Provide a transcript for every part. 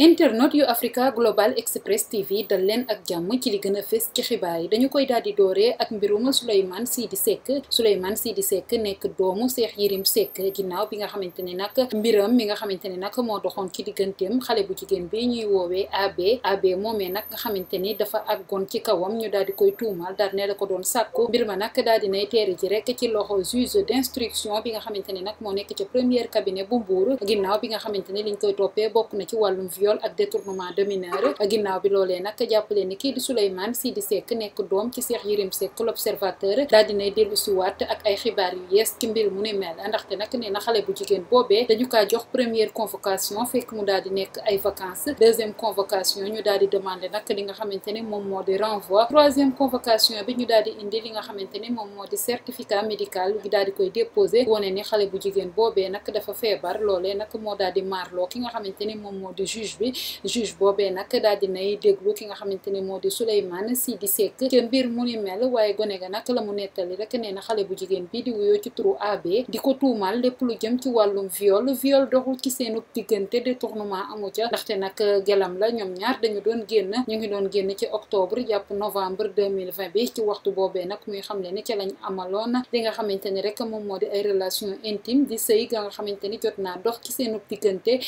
internet yu Africa Global Express TV dal leen ak jàmm ci li gën a fës ci xibaar yi dañu koy daal di dooree ak mbirum Souleymane Sidi Seck Souleymane Sidi Seck nekk doomu Cheikh Yérim Seck ginnaaw bi nga xamante ne nag mbiram mi nga xamante ne nag moo doxoon ci digganteem xale bu jigéen bi ñuy woowee AB AB moomee nag nga xamante ni dafa àggoon ci kawam ñu daal di koy tuumal daal ne la ko doon sàkku mbir ma nag daal di nay teere ji rek ci loxo juge d'instruction bi nga xamante ne nag moo nekk ci premier cabinet bu Mbour ginnaaw bi nga xamante ne liñ koy toppee bokk na ci wàllum viol ak détournement de mineur ginnaaw bi lolé nak jàppale ni ki di Souleymane Sidi sek nek dom ci Cheikh yirim sek l'observateur dal dina dellu ci wat ak ay xibaar yu yes ci mbir mu ni mel ndaxte nak nee na bu jigéen bobé dañu ka jox première convocation fekk mu dal di nek ay vacances deuxième convocation ñu dal di demander nak li nga xamante mom modi renvoi troisième convocation bi ñu dal di indi li nga xamante mom modi certificat médical bi dal di koy déposer woné ni xalé bu jigéen bobé nak dafa feebar lolé nak mo dal di marlo ki nga xamante mom modi juge bi juge boobee nag daal dinay déglu ki nga xamante ne moo di Souleymane Sidi Seck ca mbir mu ni mel waaye gone ga nag la mu nettali rek nee na xale bu jigéen bi di wuyoo ci turu AB di ko tuumal lépp lu jëm ci wàllum viol viol doxul ci seenu diggante détournement amu ca ndaxte nag gelam la ñoom ñaar dañu doon génn ñu ngi doon génn ci octobre jàpp novembre 2020 bi ci waxtu boobee nag muy xam ne ca lañ amaloon li nga xamante ni rek moom moo di ay relation intime di sëy ga nga xamante ni jot naa dox ci seenu diggante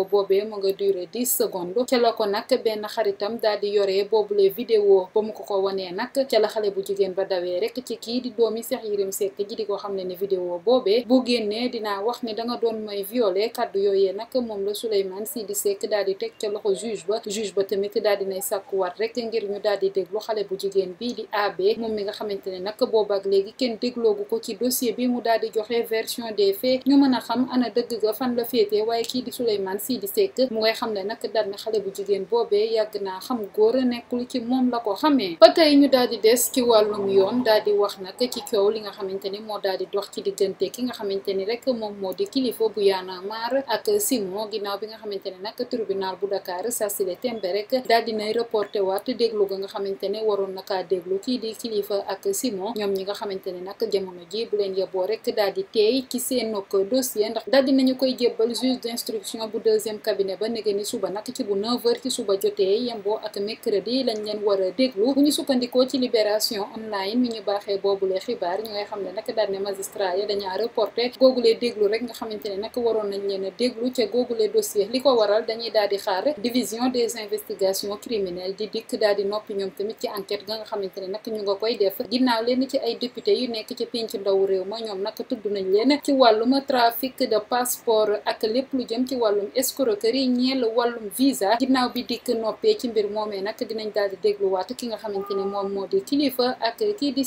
vidéo boobee mu nga duré dix secondes ca la ko nag benn xaritam daal di yoree boobule vidéo ba mu ko ko wanee nag ca la xale bu jigéen ba dawee rek ci kii di doomi Cheikh Yérim Seck ji di ko xam ne ne vidéo boobee bu génnee dinaa wax ne da nga doon may violé kàddu yooyee nag moom la Souleymane Sidi Seck daal di teg ca loxo juge ba juge ba tamit daal di nay sàkkuwaat rek ngir ñu daal di déglu xale bu jigéen bi di ab moom mi nga xamante ne nag boobaak léegi kenn dégloogu ko ci dossier bi mu daal di joxe version des faits a xam ana dëgg Sidy Seck mu ngay xam ne nag dal na xale bu jigéen boobee yàgg naa xam góor a nekkul ci moom la ko xamee ba tey ñu daal di des ci wàllum yoon daal di wax nag ci coow li nga xamante ni moo daal di dox ci diggante ki nga xamante ni rek moom moo di kilifa bu yaana maar ak Simon ginnaaw bi nga xamante ne nag tribunal bu Dakar saa si le tembe rek daal di nay reporté waat déglu ga nga xamante ne waroon na kaa déglu kii di kilifa ak Simon ñoom ñi nga xamante ne nag jamono ji bu leen yeboo rek daal di teey ci seen nok dossier ndax daal nañu koy jébbal juge d'instruction bu deuxième cabinet ba nege ni suba nag ci bu 9h a a déglu ca googulee dossier li ko dañuy daal xaar division des investigations criminelles di dikk daal noppi ñoom tamit ci enquête nga nga xamante ñu nga koy def ginnaaw leen ci ay député yu nekk ci penc ndaw réew ma ñoom nag tudd nañ leen ci wàllum trafic de passeport ak lépp lu jëm ci wàllum escroquerie ñeel wàllum visa ginnaaw bi dikk noppee ci mbir moomee nag dinañ daal di dégluwaat ki nga xamante ne moom moo di kilifa ak kii di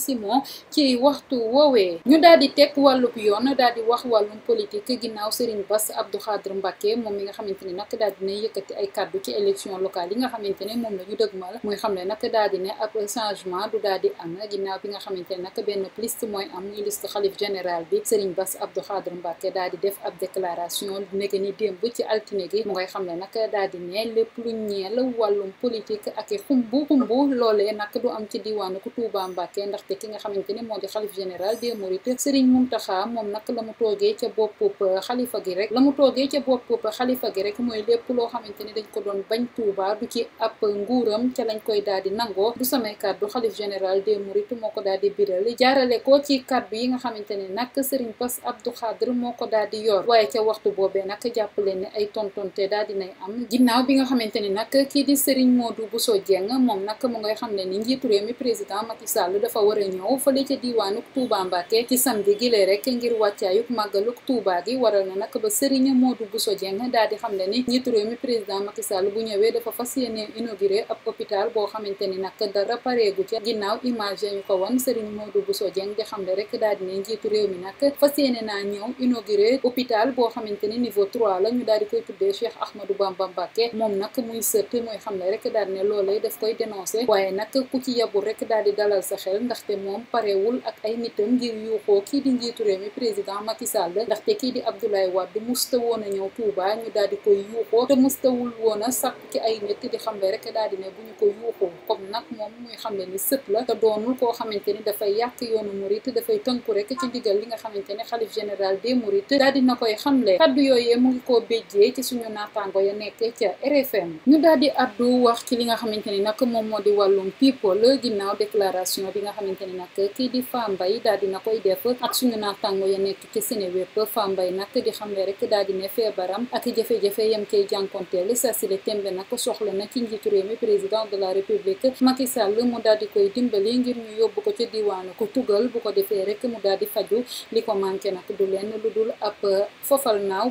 ñu daal di teg wàllub yoon daal di wax wàllum politique ginnaaw Serigne Bass Abdou Khadre Mbacké moom mi nga xamante ne nag daal dina yëkkati ay kàddu ci élection locale yi nga xamante ne moom la ñu dëgmal muy xam ne nag daal di ne ab changement du daal di am ginnaaw bi nga xamante ne nag benn liste mooy am muy liste xalif général bi Serigne Bass Abdou Khadre Mbacké daal def ab déclaration nekk ni démb ci ne gi mu ngay xam ne nag daal di ne lépp lu ñeel wàllum politique ak xumbu xumbu loole nag du am ci diwaanu ku Touba Mbacke ndaxte ki nga xamante ne moo di xalif général des Mourides Serigne Mountakha moom nag la mu toogee ca boppub xalifa gi rek la mu toogee ca boppub xalifa gi rek mooy lépp loo xamante ne dañ ko doon bañ Touba du ci ab nguuram ca lañ koy daal di nangoo samay kàddu xalif général des Mourides moo ko daal di biral jaarale ko ci kar yi nga xamante ne nag Serigne Bass Abdou Khadre moo ko daal di yor waaye ca waxtu boobee nag jàppale ne ay ton tontonte daal dinay am ginnaaw bi nga xamante ni nag kii di Serigne bu soo Dieng moom nag mu ngay xam ne ni njiitu réew mi président Macky Sall dafa war a ñëw fële ca diiwaanu Touba Mbacké ci samedi gi lee rek ngir wàccaayuk màggaluk Touba gi waral na nag ba Serigne Modou Bousso Dieng daal di xam ne ni njiitu réew président Macky Sall bu ñëwee dafa fas yéene inauguré ab hôpital boo xamante ni nag dara pareegu ca ginnaaw image ñu ko wan Serigne Modou Bousso Dieng di xam ne rek daal di ne njiitu réew mi nag fas naa ñëw inauguré hôpital boo xamante ni niveau 3 la ñu koy tuddee Cheikh Ahmadou Bamba Mbacké moom nag muy sëtt mooy xam ne rek daal ne loolee daf koy dénoncé waaye nag ku ci yabul rek daal di dalal sa xel ndaxte moom parewul ak ay nitam ngir yuuxoo kii di njiitu réew mi président Macky Sall ndaxte kii di Abdoulaye Wade musta woon a ñëw Touba ñu daal di koy yuuxoo te mustawul woon a sàkk ci ay nit di xam ne rek daal di ne bu ñu ko yuuxoo comme nag moom muy xam ne ni sët la te doonul koo xamante ni dafay yàq yoonu murit dafay tënku rek ci ndigal li nga xamante ne xalif général des mourides daal dina koy xamle kaddu yooyee mu ngi koo béjjee ci suñu naataango ya nekk ca RFM ñu daal di addu wax ci li nga xamante ni nag moom moo di wàllum people ginnaaw déclaration bi nga xamante ni nag kii di Fambaye daal di na koy def ak suñu naataango ya nekk ci Seneweb Fambaye nag di xam ne rek daal di ne feebaram ak jafe-jafe yam cay jànkonteel saa si la tembe nag soxla na ci njiitu réew mi président de la république Macky Sall mu daal di koy dimbali ngir ñu yóbbu ko ca diwaanu ko tugal bu ko defee rek mu daal di faju li ko manqué nag du leen lu dul ab fofal naaw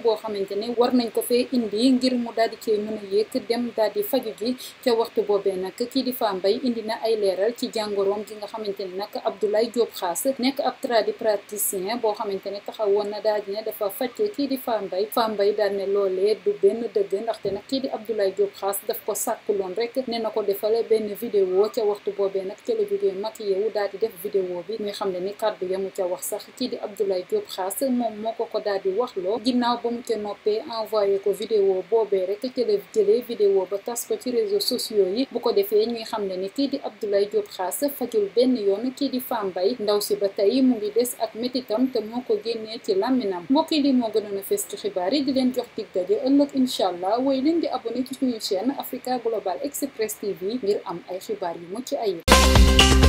fee indi ngir mu daal di cee mën a dem daal di faju ji ca waxtu boobee nag kii di Fa mbay indi na ay leeral ci jàngoroom gi nga xamante ne nag Abdoulaye Diop Xaas nekk ab tradipraticien boo xamante ne taxawoon na daal di ne dafa kii di Fa Mbaye Fa Mbaye daal ne loolee du benn dëgg ndaxte nag kii di Abdoulaye Diop Xaas daf ko sàkkuloon rek nee na ko defal benn vidéo ca waxtu boobee nag ca la jógee maquillé wu daal di def vidéo bi muy xam ne ni kàddu yamu ca wax sax kii di Abdoulaye Diop Xaas moom moo ko ko daal di waxloo ginnaaw ba mu ca noppee envoyé ko vidéo boobee rek ca la vidéo ba tas ko ci réseaux sociaux yi bu ko defee ñuy xam ne ni kii di Abdoulaye Diop Khass fajul benn yoon kii di Fa Mbaye ndaw si ba tey mu ngi des ak métitam te moo ko génnee ci làmminam mbokk yi li moo gënoon a fees ci xibaar yi di leen jox dig daje ëllëg incha allah wooy leen di abonné ci suñu chaîne Africa Global Express TV ngir am ay xibaar yu mucc ayib